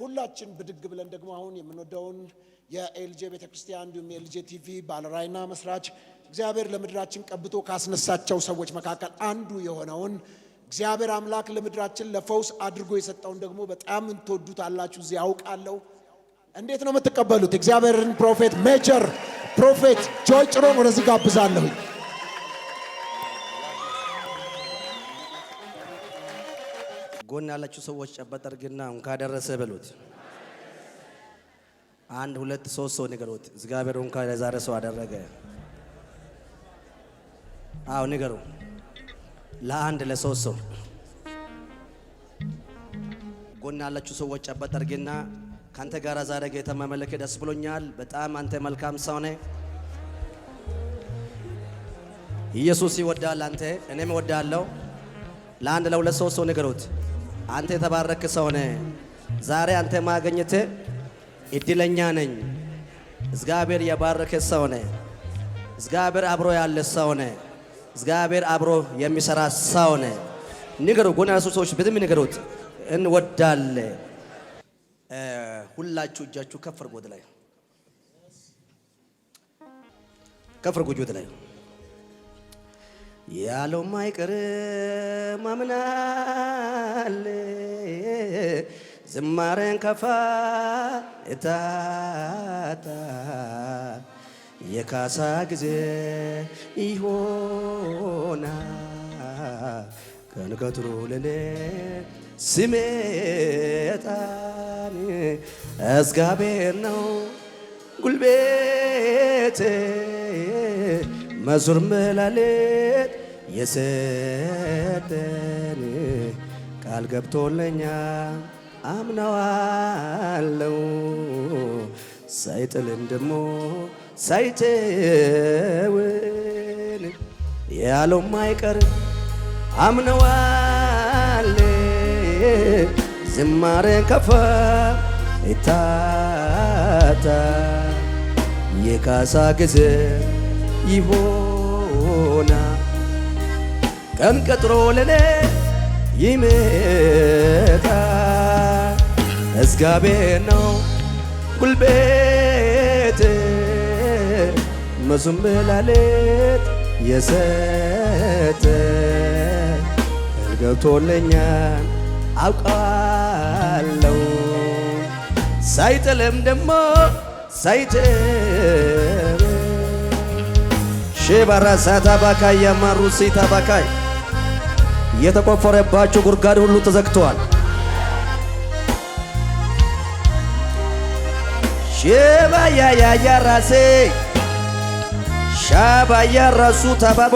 ሁላችን ብድግ ብለን ደግሞ አሁን የምንወደውን የኤልጄ ቤተክርስቲያን እንዲሁም የኤልጄ ቲቪ ባለራይና መስራች እግዚአብሔር ለምድራችን ቀብቶ ካስነሳቸው ሰዎች መካከል አንዱ የሆነውን እግዚአብሔር አምላክ ለምድራችን ለፈውስ አድርጎ የሰጠውን ደግሞ በጣም እንትወዱት አላችሁ እዚህ ያውቃለሁ። እንዴት ነው የምትቀበሉት? እግዚአብሔርን ፕሮፌት ሜጀር ፕሮፌት ጆይ ጭሮን ወደዚህ ጋብዛለሁኝ። ጎን ያላችሁ ሰዎች ጨበጥ አድርግና እንካ ደረሰ በሉት። አንድ ሁለት ሶስት ሰው ንገሩት። እግዚአብሔር እንኳ ለዛሬ ሰው አደረገ። አዎ ንገሩ፣ ለአንድ ለሶስት ሰው። ጎን ያላችሁ ሰዎች ጨበጥ አድርግና ከአንተ ጋር ዛሬ ጌታ መመለክ ደስ ብሎኛል። በጣም አንተ መልካም ሰው ነህ። ኢየሱስ ይወዳል። አንተ እኔም እወዳለሁ። ለአንድ ለሁለት ሰው ሰው ንገሩት። አንተ የተባረክ ሰው ነህ። ዛሬ አንተ ማገኘት እድለኛ ነኝ። እግዚአብሔር የባረከ ሰው ነህ። እግዚአብሔር አብሮ ያለ ሰው ነህ። እግዚአብሔር አብሮ የሚሰራ ሰው ነህ። ንገሩ ጎና ያሱ ሰዎች በደም ንገሩት። እንወዳለ ሁላችሁ እጃችሁ ከፍ አድርጉ ወደ ላይ ከፍ አድርጉ ወደ ላይ ያለውም አይቀርም አምናል ዝማሬን ከፋ እታጣ የካሳ ጊዜ ይሆና ከንከትሮ ለኔ ስሜጣን እግዚአብሔር ነው ጉልቤቴ መዝሙር መላልት የሰጠን ቃል ገብቶለኛ አምነዋለው ሳይጥልን ደሞ ሳይተውን ያለው ማይቀር አምነዋል ዝማሬን ከፈ ይታታ የካሳ ጊዜ ይሆና ቀን ቀጥሮ ለኔ ይመጣ መዝጋቤ ነው ጉልበት መሱም በላሌት የሰጠ ገብቶለኛል አውቃለው ሳይጠለም ደሞ ሳይጠ ሼባራሳታ ባካይ ያማሩ ሲታ ባካይ የተቆፈረባቸው ጉድጓድ ሁሉ ተዘግተዋል። ሼባ ያያያ ራሴ ሻባ ያራሱ ታባቦ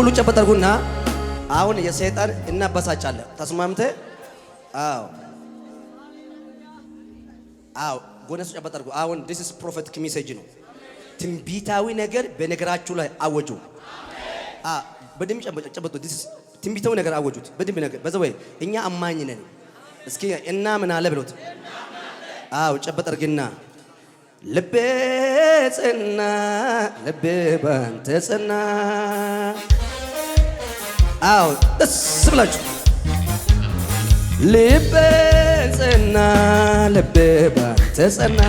ሁሉ ጨበጠርጉና አሁን የሰይጣን እናበሳጫለን። ተስማምተ አዎ አዎ ጎነሱ ጨበጥ አድርጉ። አሁን ዲስ ኢዝ ፕሮፌቲክ ሜሴጅ ነው። ትንቢታዊ ነገር በነገራችሁ ላይ አወጁ። በደምብ ጨበጡ። ዲስ ኢዝ ትንቢታዊ ነገር አወጁት። በደምብ ነገር በዛ ወይ እኛ አማኝ ነን። እስኪ እና ምን አለ ብሎት። አው ጨበጥ አድርግና ልቤ ጽና፣ ልቤ ባንተ ጽና። አዎ ደስ ብላችሁ ልቤ ጸና ልቤ ባንተ ጸና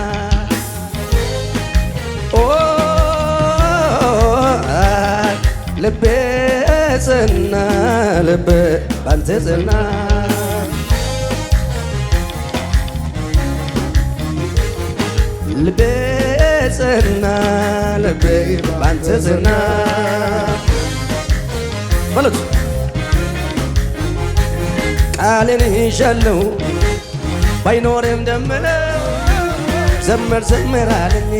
ልቤ ጸና ልቤ ባንተ ጸና ልቤ ጸና ልቤ ባንተ ጸና ማለት ቃልን ይዣለው ባይኖርም ደምለው ዘመር ዘመር አለኝ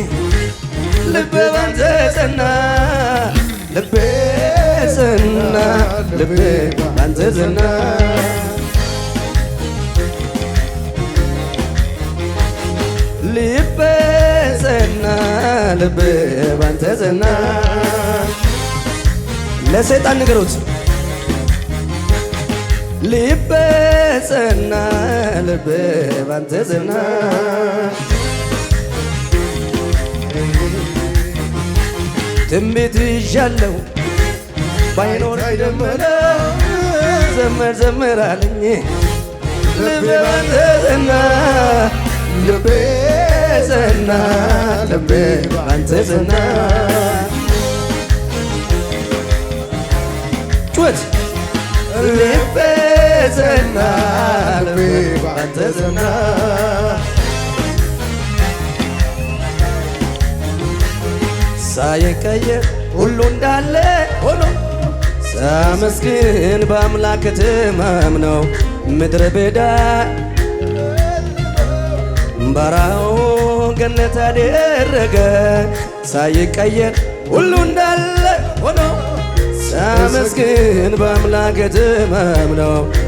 ልቤ ባንተ ጸና ልቤ ጸና ልቤ ባንተ ጸና ልቤ ጸና ልቤ ባንተ ጸና ለሰይጣን ንገሩት ልቤ ጸና ልቤ ባንተ ጸና ትንቢት ይዣለው ባይኖር ዘመር ዘመር አለኝ ልቤ ባንተ ጸና ልቤ ጸና ልቤ ባንተ ጸና ጩኸት ልቤ ጸና ልቤ ሳይቀየር ሁሉ እንዳለ ሆኖ ሳመስግን በአምላክ ትማም ነው ምድረ በዳ በረሃው ገነት አደረገ ሳይቀየር ሁሉ እንዳለ ሆኖ ሳመስግን በአምላክ ትማም ነው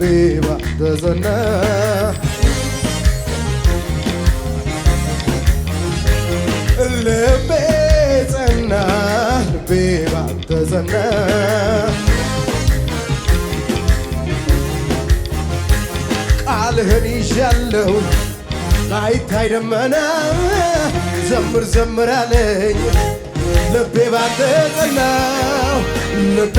habiba dazana ልቤ ጸና ልቤ ባተዘና ቃልህን ይዣለው ላይታይ ደመና ዘምር ዘምር አለኝ ልቤ ባተዘና ልቤ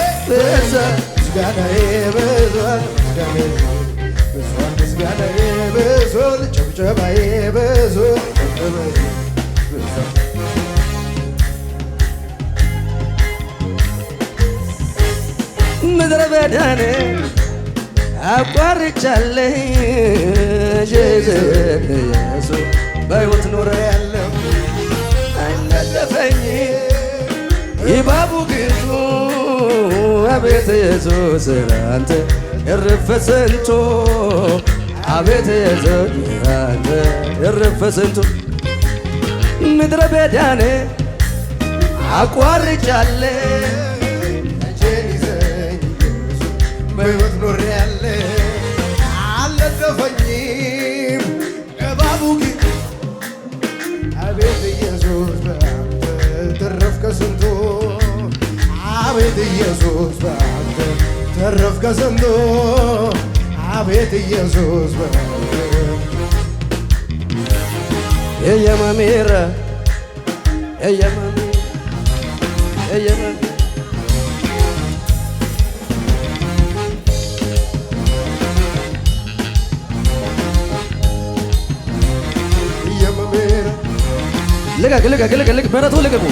በዛ ምስጋናዬ በዟል ምስጋናዬ በዟል ጭብጨባዬ ምድረ በዳን አቋርጫለሁ በሕይወት ኖረ ያለው ይባቡ አቤት ኢየሱስ ላንተ እረፈ ስንቱ አቤት ኢየሱስ ላንተ እረፈ ስንቱ ምድረ በዳኔ አቋርጫለ ጀኒዘኝ ይዘኝ ብዙ በሕይወት ኖሬያለ አቤት ኢየሱስ በአንተ ተረፍ ከስንቱ አቤት ኢየሱስ እየመሚረ ልቀቅ ልቀቅ ልቀቅ ልቀቅ በረቱ ልቀቁ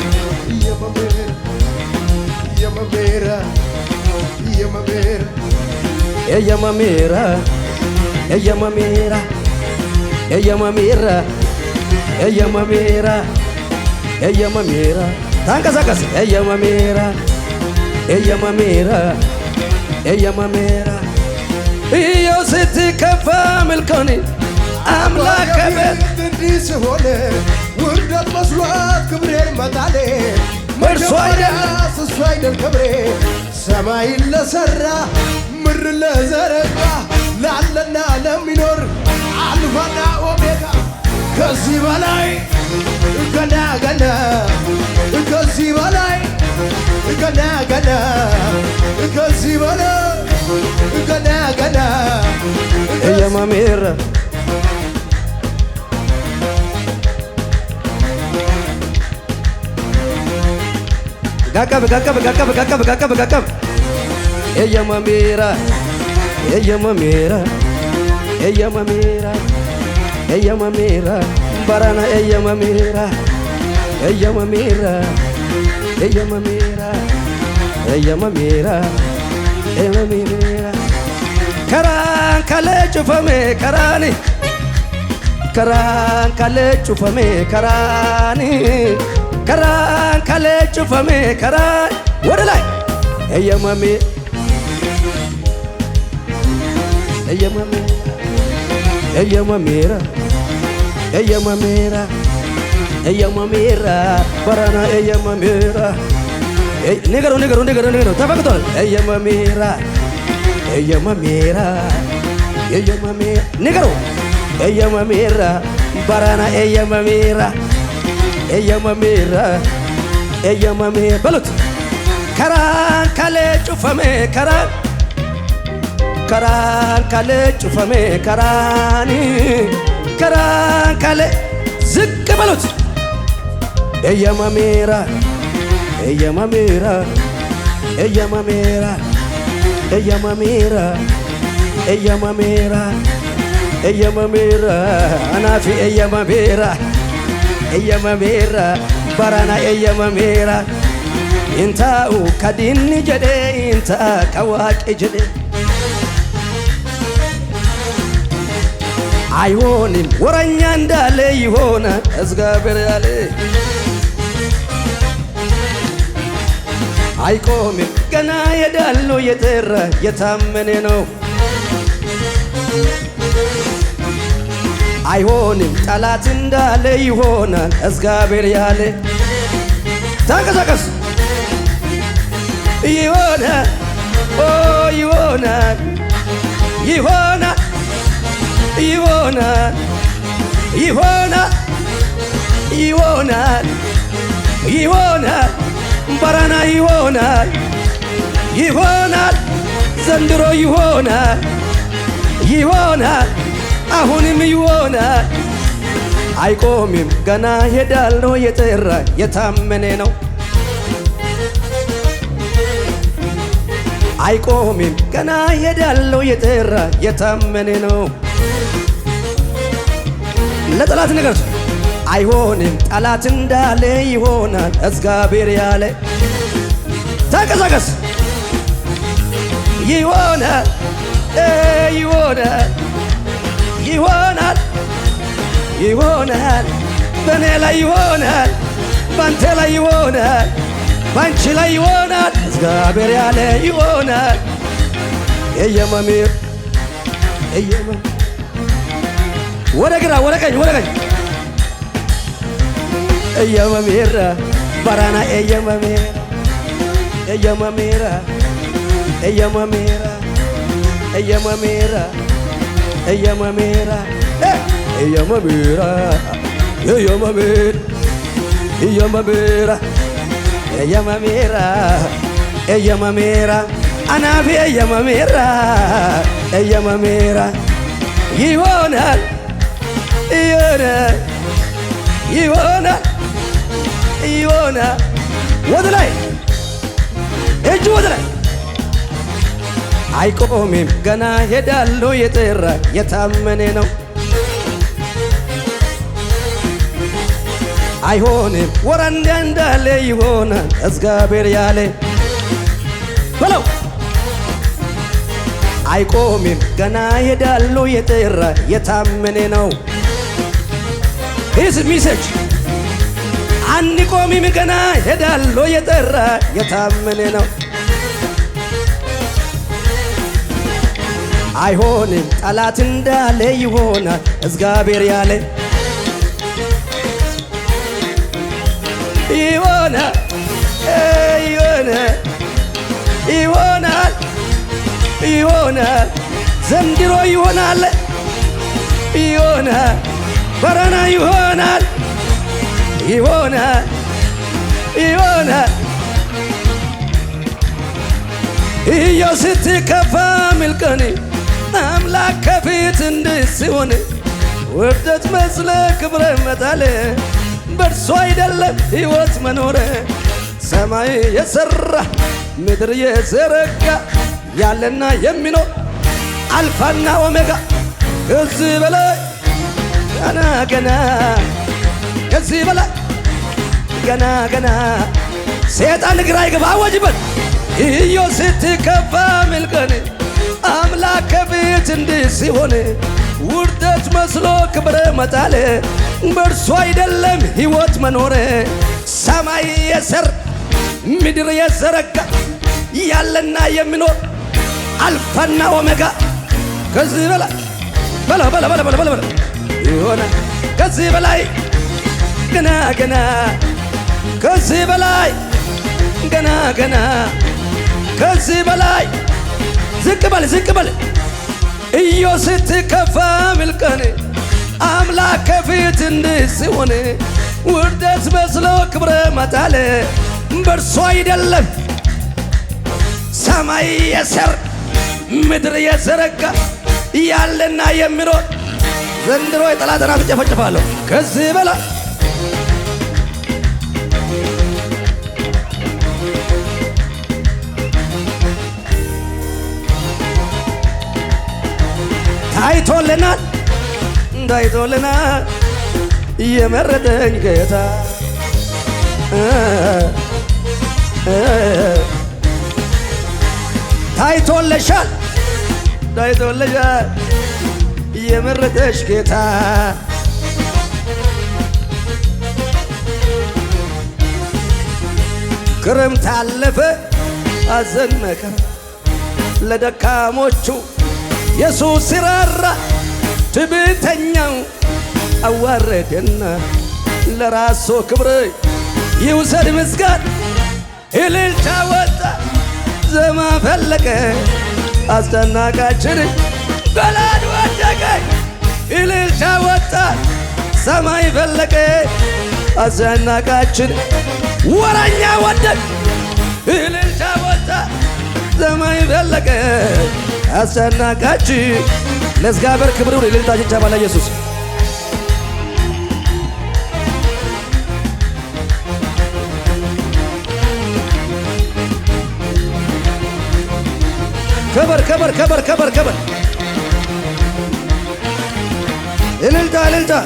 mamera, mamera, mamera, mamera, mamera, mamera. Yamamera, Yamamera, Yamamera, Yamamera, Yamamera, Yamamera, Yamamera, Tanka Sakas, Yamamera, Yamamera, Yamamera, Yosetika Familconi, አምላክ ቤት እንዲህ ሲሆን ውርደት መስሏት ክብሬ መጣሌ እርሱ አይደል እሱ አይደል ክብሬ ሰማይን ለሰራ ምድር ለዘረጋ ላለና ለሚኖር አልፋና ኦሜጋ ከዚህ በላይ ገና ገና ከዚህ በላይ ገና ገና ከዚህ በላይ ገና ገና የማሜረ kakap kakap kakap kakap kakap kakap ella mamera ella mamera ella mamera ella mamera barana ella mamera ella mamera ella mamera ella mamera ella mamera karan kale chufame karani karan kale chufame karani ከራን ካሌ ጩፈሜ ከራን ወደ ላይ እየመሜ እየመሜ እየመሜራ እየመሜራ እየመሜራ በራና እየመሜራ ንገሩ ንገሩ ንገሩ ንገሩ ተፈቅቷል እየመሜራ እየመሜራ እየመሜራ ንገሩ እየመሜራ በራና እየመሜራ እየመሜራ እየመሚ በሉት ከራን ካለ ጩፈሜ ከራን ከራን ካሌ ጩፈሜ ከራን ከራን ካሌ ዝቅ በሉት እየመሜራ እየመሜራ እየመሚራ እየመሚራ እየመሚራ እየመሜራ አናፊ እየመሚራ eyyamameera barana eyyamameera intaa'u ka diinni jedhe intaa ka waaqe jedhe አይሆንም ወረኛ እንዳለ ይሆነ እግዚአብሔር ያለ አይቆምም ገና የዳሉ የጠራ የታመነ ነው አይሆንም ጠላት እንዳለ ይሆናል እግዚአብሔር ያለ ተንቀሳቀስ ይሆናል ይሆናል ይሆናል ይሆናል ይሆናል ይሆናል ይሆናል ባራና ይሆናል ይሆናል ዘንድሮ ይሆናል ይሆናል አሁንም ይሆናል አይቆምም ገና ሄዳል ነው የጠራ የታመነ ነው አይቆምም ገና ሄዳለው የጠራ የታመነ ነው። ለጠላት ነገር አይሆንም ጠላት እንዳለ ይሆናል እግዚአብሔር ያለ ተንቀሳቀስ ይሆናል ይሆናል ይሆናል ይሆናል በእኔ ላይ ይሆናል ባንተ ላይ ይሆናል ባንቺ ላይ ይሆናል እግዚአብሔር ያለ ይሆናል የየመሚር የየመ ወደ ግራ ወደ ቀኝ ወደ ቀኝ የየመሚር ባራና የየመሚር የየመሚር የየመሚር የየመሚር Ella me mira, eh, ella me mira, ella me mira, ella me mira, ella me mira, ella me mira, አናፊ ella me mira, ella me mira, ይሆናል ይሆናል ይሆናል ይሆናል ወደ ላይ እጁ ወደ ላይ አይቆሜም ገና ሄዳለሁ የጠራ የታመኔ ነው አይሆንም ወራንዳ እንዳለ ይሆናል እግዚአብሔር ያለ በለው አይቆሜም ገና ሄዳለሁ የጠራ የታመኔ ነው ይህ ሚሰች አንድ ቆሚም ገና ሄዳለሁ የጠራ የታመኔ ነው አይሆንም ጠላት እንዳለ ይሆናል እግዚአብሔር ያለ ይሆነ ይሆነ ይሆናል ይሆናል ዘንድሮ ይሆናል ይሆነ በረና ይሆናል ይሆነ ይሆነ እዮ ስትከፋ ምልቀኔ አምላክ ከፊት እንዲህ ሲሆን ውርደት መስለ ክብረ መጣለ በእርሱ አይደለም ሕይወት መኖረ ሰማይ የሠራ ምድር የዘረጋ ያለና የሚኖር አልፋና ኦሜጋ ከዚህ በላይ ገና ገና ከዚህ በላይ ገና ገና ሴጣን ግራ ይገባ አወጅበት ኢዮ ስትከፋ ምልቀን አምላክ ከፊት እንዲህ ሲሆን ውርደት መስሎ ክብረ መጣል በእርሱ አይደለም ሕይወት መኖር። ሰማይ የሰር ምድር የዘረጋ ያለና የሚኖር አልፋና ኦሜጋ ከዚህ በላይ በላ በላ በላ በላ በላ ይሆነ ከዚህ በላይ ገና ገና ከዚህ በላይ ገና ገና ከዚህ በላይ ዝቅ በል ዝቅ በል እዮ ስትከፋ ብልቀኔ አምላክ ከፊት እንድስሆን ውርደት መስሎ ክብረ መጣለ በርሶ አይደለም ሰማይ የሰር ምድር የዘረጋ ያለና የሚኖር ዘንድሮ የጠላትን አስጨፈጭፋለሁ ከዚህ በላይ ታይቶልናል ታይቶልናል የመረጠኝ ጌታ ታይቶለሻል ታይቶለሻል የመረጠሽ ጌታ ክረምት አለፈ አዘን መከራ ለደካሞቹ ኢየሱስ ሲራራ ትዕቢተኛው አዋረደና ለራሱ ክብር ይውሰድ ምስጋና እልልታ ወጣ ዘማ ፈለቀ አስደናቃችን ገላድ ወደቀ እልልታ ወጣ ሰማይ ፈለቀ አስደናቃችን ወረኛ ወደቅ እልልታ ወጣ ሰማይ በለቀ አሰናቃች ለእግዚአብሔር ክብር ይሁን። ልልታችን ቻባላ ኢየሱስ ከበር ከበር ከበር ከበር ከበር እልልታ እልልታ